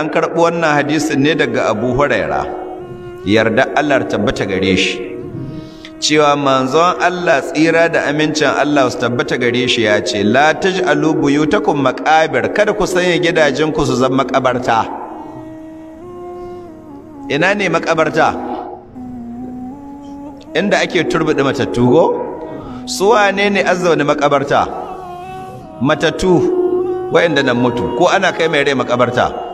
an karɓi wannan hadisin ne daga Abu Huraira yarda Allah tabbata gare shi cewa manzon Allah tsira da amincin Allah su tabbata gare shi ya ce la taj'alu buyutakum maqabir kada ku sanya gidajen ku su zama makabarta ina ne makabarta inda ake turbuɗe matattu go su wane ne azzauni makabarta matattu wa'inda nan mutu ko ana kai mai rai makabarta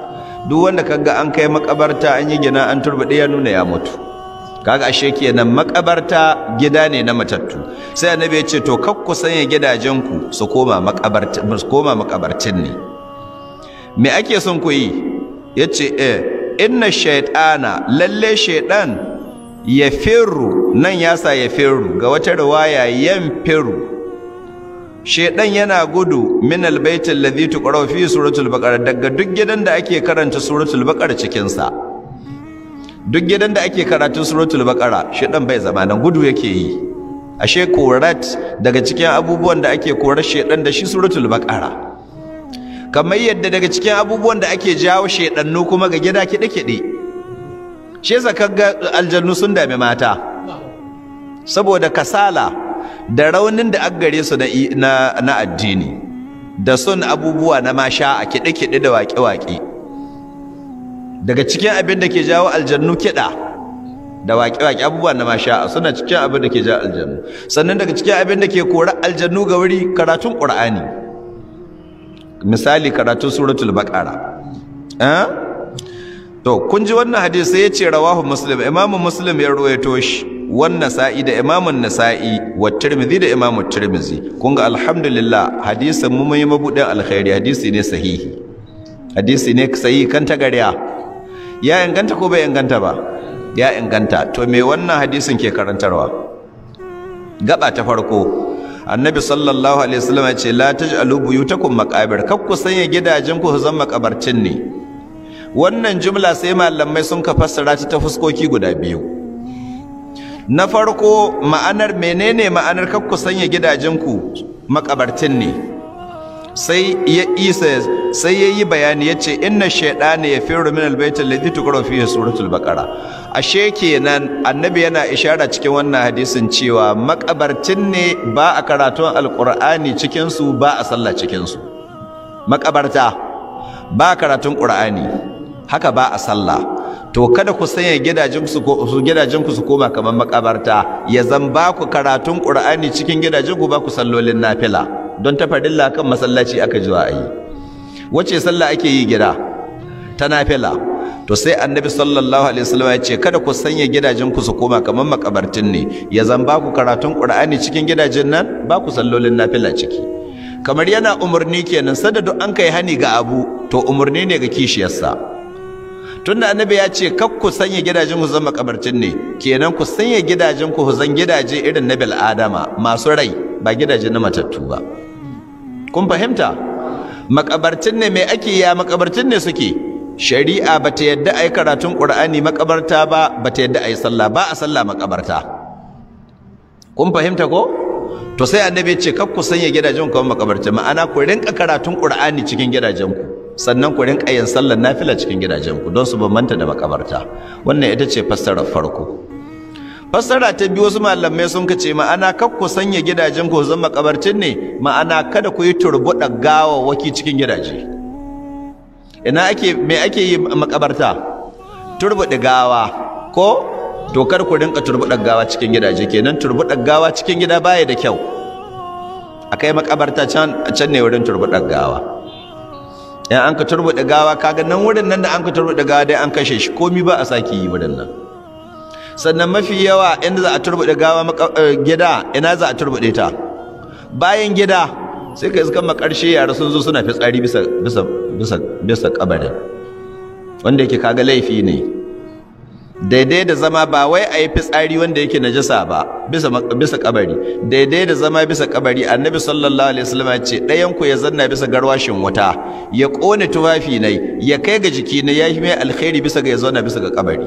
duk wanda ga an kai makabarta an yi gina an turbaɗe ya nuna ya mutu kaga ashe kenan makabarta gida ne na matattu sai annabi ya ce to kak ku sanya gidajenku su koma makabarta su koma makabartin ne me ake son ku yi yace eh inna shaytana lalle shaytan ya nan yasa ya ga wata riwaya yan firru shedan yana gudu min albayt alladhi tuqra fi suratul baqara daga duk gidan da ake karanta suratul baqara cikin sa duk gidan da ake karatu suratul baqara shedan bai zama nan gudu yake yi ashe korat daga cikin abubuwan da ake korar shedan da shi suratul baqara kamar yadda daga cikin abubuwan da ake jawo shedannu kuma ga gida kiɗe kiɗe shi zakar ga aljannu sun dame mata saboda kasala da raunin da aggare su na addini da son abubuwa na masha a kiɗe-kiɗe da waƙe-waƙe daga cikin abin da ke jawo aljannu kiɗa da waƙe-waƙe abubuwa na masha suna cikin abin da ke jawo aljannu sannan daga cikin abin da ke kora aljannu ga wuri karatun ƙur'ani misali karatun suratul baƙara eh? to kun ji wannan hadisi ya ce rawahu muslim imamu muslim ya ruwaito shi Wannan Sa'i da imamun Sa'i wa Turmizi da imamu Turmizi. kun ga alhamdulillah hadisin mu mai mabudin alkhairi hadisi ne sahihi hadisi ne sahihi kan tagariya ya inganta ko bai inganta ba ya inganta to me wannan hadisin ke karantarwa gaba ta farko annabi sallallahu alaihi wasallam ya ce la taj'alu buyutakum maqabir kar ku sanya gidajen ku zama makabarcin ne wannan jumla sai malamai sun ka fassara ta fuskoki guda biyu na farko ma'anar menene ma'anar kakku sanya gidajenku makabartin ne sai ya isa sai yayi bayani yace inna ya yafiru min albayt lati tukuro fiye suratul baqara ashe kenan annabi yana ishara cikin wannan hadisin cewa makabartin ne ba a karatun alkur'ani cikinsu, ba a sallah cikinsu. makabarta ba karatun ƙur'ani, haka ba a sallah to kada ku sanya gidajenku su koma kamar makabarta ya zan ba ku karatun Qur'ani cikin gidajenku ba ku sallolin nafila don ta kan masallaci aka jiwa yi wace sallah ake yi gida ta nafila to sai annabi sallallahu alaihi wasallam ya ce kada ku sanya gidajenku su koma kamar makabartin ne ya zan ba ku karatun Qur'ani cikin gidajen nan ba ku sallolin nafila ciki kamar yana umarni kenan sadadu an kai hani ga abu to umarni ne ga kishiyarsa tunda annabi ya ce kak ku sanya gidajen ku zama kabarcin ne kenan ku sanya gidajen ku zan gidaje irin na bil adama masu rai ba gidaje na matattu ba kun fahimta makabarcin ne mai ake ya makabarcin ne suke shari'a bata yadda ai karatun qur'ani makabarta ba bata yadda ai sallah ba a sallah makabarta kun fahimta ko to sai annabi ya ce kak ku sanya gidajen ku makabarta ma'ana ku rinka karatun qur'ani cikin gidajen ku sannan ku rinka yin sallar nafila cikin gidajenku don su bambanta da makabarta wannan ita ce fassarar farko fassara ta biyu wasu malamai sun kace ma'ana kar ku sanya gidajen ku zama makabartin ne ma'ana kada ku yi turbuɗa gawawwaki cikin gidaje ina ake me ake yi makabarta turbuɗa gawa ko dokar kar ku rinka turbuɗa gawa cikin gidaje kenan turbuɗa gawa cikin gida baya da kyau akai makabarta can can ne wurin turbuɗa gawa yan an ka turbuɗe gawa kaga nan wurin nan da an ka turbuɗe gawa dai an kashe shi komi ba a sake yi wurin nan sannan mafi yawa inda za a turbuɗe gawa eh, gida ina za a turbuɗe ta bayan gida sai ka iska makarshe yara sun zo suna fitsari bisa bisa bisa bisa kabarin wanda yake kaga laifi ne daidai da zama ba wai a yi fitsari wanda yake najasa ba bisa kabari daidai da zama bisa kabari annabi sallallahu alaihi wasallam ce ɗayan ku ya zanna bisa garwashin wuta ya kone tufafi ne ya kai ga jiki ne ya yi mai alkhairi bisa ga ya zauna bisa ga kabari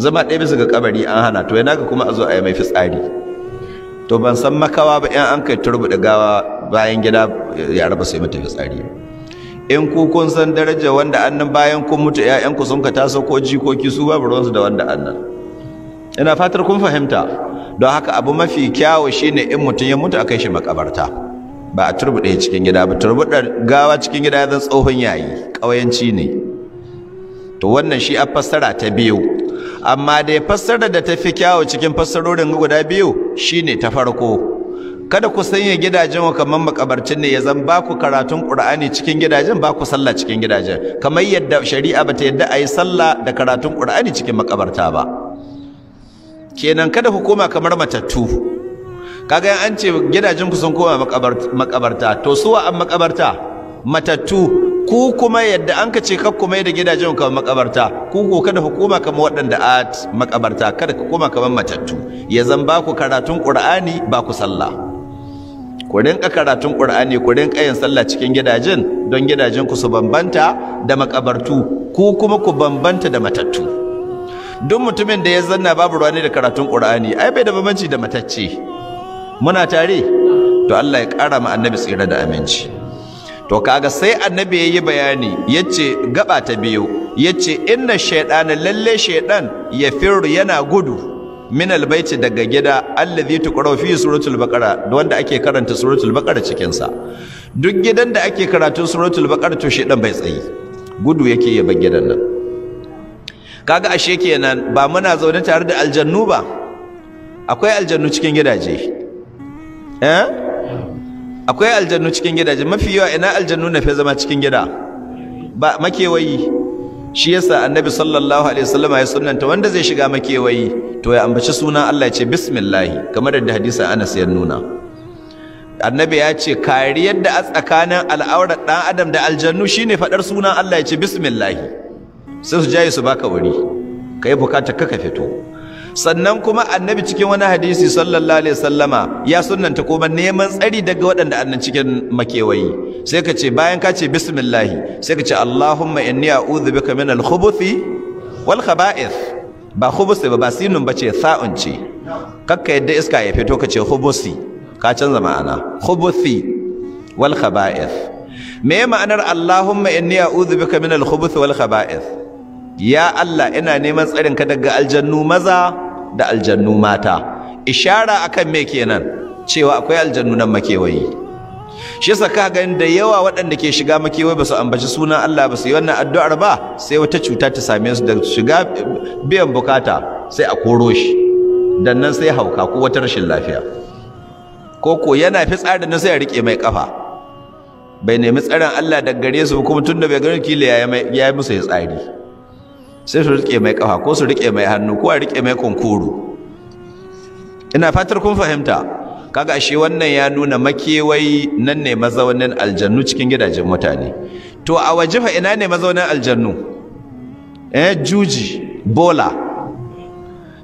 zama ɗaya bisa ga kabari an hana to yana ka kuma a zo a yi mai fitsari to ban san makawa ba in an kai turbuɗe gawa bayan gida ya sai mata fitsari ba. in ku kun san daraja wanda annan bayan kun mutu ku sun ka taso ko jikoki su babu ruwansu da wanda annan ina fatar kun fahimta don haka abu mafi kyawo shine in mutum ya mutu a kai shi makabarta ba a turbuɗe cikin gida ba turbuɗar gawa cikin gida zan tsohon yayi ƙauyanci ne to wannan shi a fassara ta biyu amma dai fassarar da ta fi kyawo cikin fassarorin guda biyu shine ta farko kada ku sanya gidajen wa kamar makabarcin ne ya zan ba ku karatun Qur'ani cikin gidajen ba ku sallah cikin gidajen kamar yadda shari'a bata yadda ayi sallah da karatun Qur'ani cikin makabarta ba kenan kada ku koma kamar matattu kaga an ce gidajen ku sun koma makabarta to su an makabarta matattu ku kuma yadda an ka ce kar ku mai da gidajen kamar makabarta ku ko kada koma kamar waɗanda a makabarta kada ku koma kamar matattu ya zan ba ku karatun Qur'ani ba ku sallah ku rinka karatun ƙur'ani ku rinka yin sallah cikin gidajen don gidajen ku su bambanta da makabartu ku kuma ku bambanta da matattu duk mutumin da ya zanna babu ruwa ne da karatun ƙur'ani ai bai da bambanci da matacce muna tare to Allah ya ƙara mu annabi tsira da aminci to kaga sai annabi yayi bayani yace gaba ta biyu yace inna shaytana lalle shaydan yafirru yana gudu min albaiti daga gida allazi tuqra fi suratul baqara wanda ake karanta suratul baqara cikin sa duk gidan da ake karatun suratul baqara to dan bai tsayi gudu yake ya bar gidan nan kaga ashe kenan ba muna zaune tare da aljannu ba akwai aljannu cikin gidaje eh akwai aljannu cikin gidaje mafi yawa ina aljannu na fi zama cikin gida ba makewayi shi yasa annabi sallallahu alaihi wasallam ya sunnanta wanda zai shiga makewayi to ya ambaci sunan Allah ya ce bismillah kamar da hadisi Anas ya nuna annabi ya ce kariyar da tsakanin al'aurar ɗan adam da aljannu shine fadar sunan Allah ya ce bismillahi sai su jaye su baka wuri kai bukatar ka ka fito sannan kuma annabi cikin wani hadisi sallallahu alaihi sallama ya sunnanta kuma neman tsari daga waɗanda annan cikin makewayi sai ka ce bayan ka ce bismillahi sai ka ce allahumma inni a'udhu bika min al-khubuthi wal khaba'ith ba hubusi ba ba sinun bace sa'un ce kakka yadda iska ya fito ka ce hubusi. ka canza ma'ana khubuthi wal khaba'ith me ma'anar allahumma inni a'udhu bika min al-khubuthi wal khaba'ith ya Allah ina neman tsarin ka daga aljannu maza da aljannu mata ishara akan me kenan cewa akwai aljannu nan makewayi shi yasa ka ga da yawa waɗanda ke shiga makewayi ba su ambaci sunan Allah ba su yi wannan addu'ar ba sai wata cuta ta same su da shiga biyan bukata sai a koro shi dan nan sai hauka ko wata rashin lafiya ko ko yana fitsarin nan sai ya rike mai kafa bai nemi tsarin Allah daga gare su kuma tunda bai gani kila ya yi musu ya tsari sai su rike mai kafa ko su rike mai hannu ko a rike mai kunkuru ina fatar kun fahimta kaga ashe wannan ya nuna makewai nan ne mazaunin aljannu cikin gidajen mutane to a waje fa ina ne mazaunin aljannu eh juji bola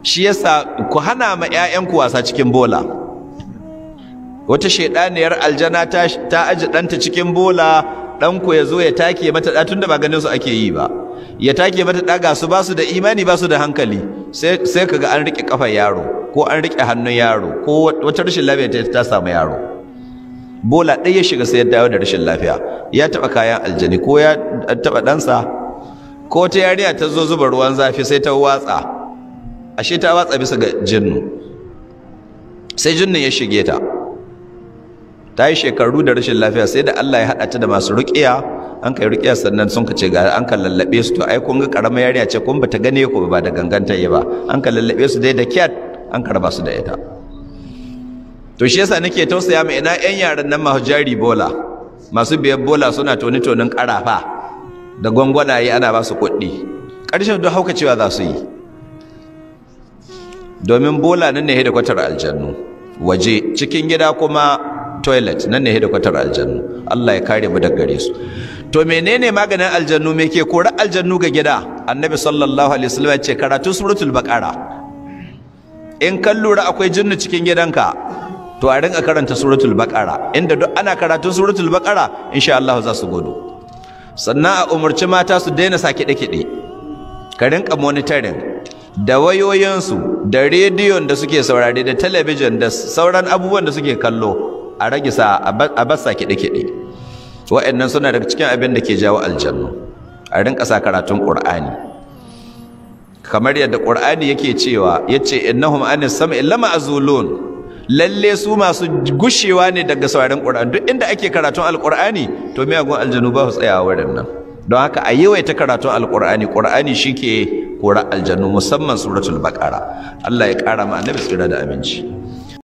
shi yasa ku hana ma 'ya'yanku wasa cikin bola wata shedaniyar aljana ta ta aji danta cikin bola ku ya zo ya take mata da tunda ba ganin su ake yi ba ya take mata daga su ba su da imani ba su da hankali sai kaga an rike kafa yaro ko an rike hannun yaro ko wata rashin lafiya ta samu yaro bola ɗaya shiga sai ya dawo da rashin lafiya ya taɓa kayan aljani ko ya taɓa ɗansa ko ta yariya ta zo zuba ruwan zafi sai ta watsa ashe ta watsa bisa ga jinnu sai jinnu ya shige ta ta yi shekaru da rashin lafiya sai da Allah ya haɗa ta da masu ruƙiya an kai rukiya sannan sun ka ce ga an ka lallaɓe su to ai kun ga karama yarinya ce kun bata gane ku ba da gangantar ya ba an ka lallaɓe su dai da kyat an karba su da ita to shi yasa nake tausaya ma ina yan yaran nan masu jari bola masu biyar bola suna toni tonin ƙarafa. da gwangwanaye ana ba su kuɗi ƙarshen don hauka za su yi domin bola nan ne hedikwatar aljannu waje cikin gida kuma toilet nan ne hedikwatar aljannu Allah ya kare mu daga gare su to menene maganin aljannu me ke kora aljannu ga gida annabi sallallahu alaihi wasallam ya ce karatu suratul baqara in kan lura akwai jinnu cikin gidanka to a rinka karanta suratul baqara inda duk ana karatu suratul baqara insha Allah za su godo sannan a umarci mata su daina sa kiɗe-kiɗe ka rinka monitoring da wayoyinsu da rediyon da suke saurare da talabijin da sauran abubuwan da suke kallo a rage sa a basa kiɗe-kiɗe wa'annan suna daga cikin abin da ke jawo aljannu a rinka sa karatun qur'ani kamar yadda qur'ani yake cewa yace innahum anis sam'i lama azulun lalle su masu gushewa ne daga sauraron qur'ani duk inda ake karatun alqur'ani to miyagun aljanu ba su tsayawa wurin nan don haka a yawaita karatun alqur'ani qur'ani shike kora aljannu musamman suratul baqara Allah ya kara ma annabi tsira da aminci